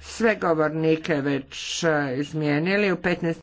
sve govornike već e, izmijenili u 15.